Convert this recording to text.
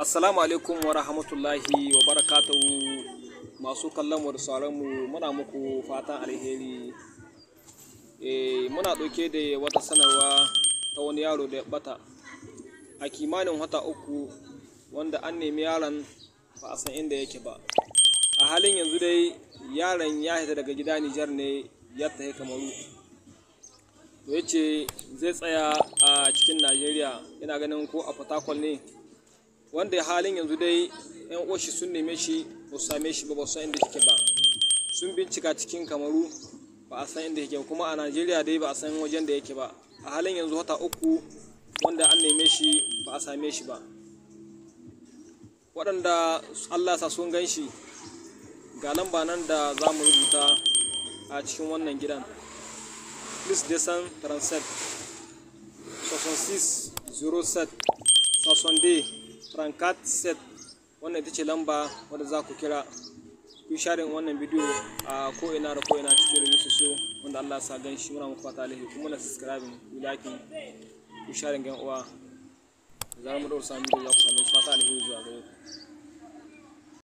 assalamu alaikum wa rahmatullahi wa barakatuhu masu kallon mu sauran mu muna muku fatan alheri eh muna ɗauke da wata sanarwa ta wani yaro da bata a kimanin wata uku wanda an nemi yaron ba a san inda yake ba a halin yanzu dai yaron ya hita daga gida nijar ne ya tahi kamaru to yace zai tsaya a cikin najeriya yana ganin ko a fatakwal ne wanda halin yanzu dai yan uwashi sun neme shi ba su same shi ba ba san inda yake ba sun bincika cikin kamaru ba a san inda yake kuma a najeriya dai ba a san wajen da yake ba a halin yanzu wata uku wanda an neme shi ba a same shi ba waɗanda allah sa sun gan shi ga ba nan da za mu rubuta a cikin wannan gidan please desan transept 66 07 62 Frankat set wannan ita ce lamba wadda za ku kira ku share wannan bidiyo a ko'ina da ko'ina cikin rubutu so wanda Allah sa gan shi muna muku fata alaihi kuma na subscribe ku like ku share gan uwa za mu dora sami da za ku sami fata